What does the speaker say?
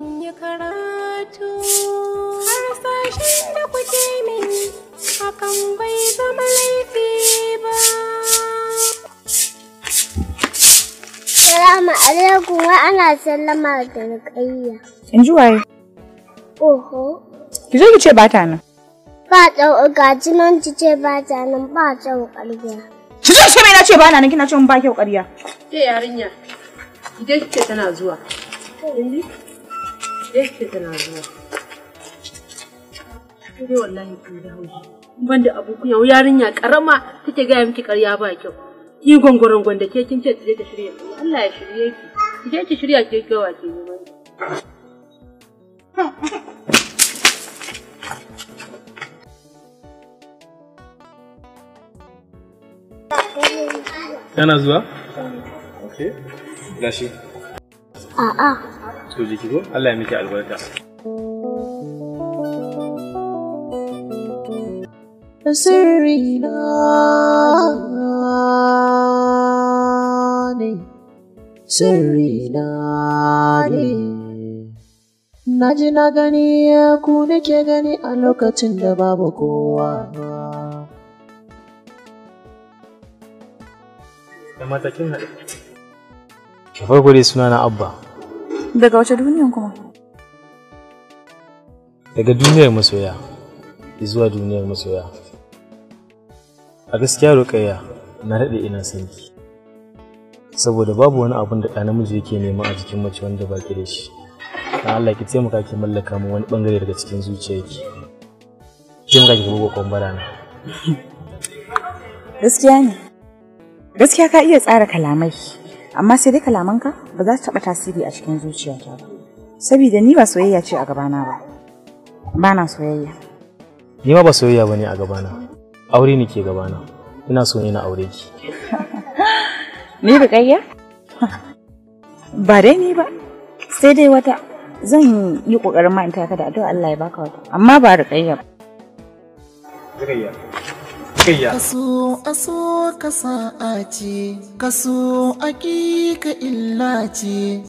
yi karatu harsashen da kuke min hakan bai zama laifi ba Salamu alaikum wa ana sallama da rikayya. In ji waye? Oho. Ki zo ki ce ba ta nan. Ba tsau gaji nan ki ce ba ta nan ba tsau ƙarya. Ki zo ki mai na ce ba na nan kina ce mun ba kyau ƙarya. Ke yarinya idan kike tana zuwa. da yake tana zuwa. Sai wallahi da Ban da abu yarinya karama take gaya miki karya ba kyau. Ki gongoron ke kin ce ta Allah ya shirye ki. Ki je ki shirya gawa ne Yana zuwa? Gashi. A'a. to je Allah ya miki albarka sirri na ne sirri na ji na gani ku nake gani a lokacin da babu kowa. Da matakin suna na Abba, Daga wace duniyan kuma? Daga duniyar masoya, zuwa duniyar masoya. A gaskiya rukaiya na daɗe ina sanki. Saboda babu wani abun da ɗa namiji yake nema a jikin mace wanda ba ki da shi. Na Allah ki taimaka ki mallaka min wani bangare daga cikin zuciyarki. Ki taimaka ki buga kwambara na. Gaskiya ne. Gaskiya ka iya tsara kalamai. amma sai dai kalamanka ba za su taɓa tasiri a cikin zuciyata ba saboda ni ba soyayya ce a gabana ba ba na soyayya ni ma ba soyayya ba ne a gabana aure ne ke gabana ina so ne na aure ki ni rukayya ba dai ni ba sai dai wata zan yi kokarin ma in taka da addu'a Allah ya baka wata amma ba rukayya ba sakayya kaso aso kasa a ce kaso aƙi ka illa ce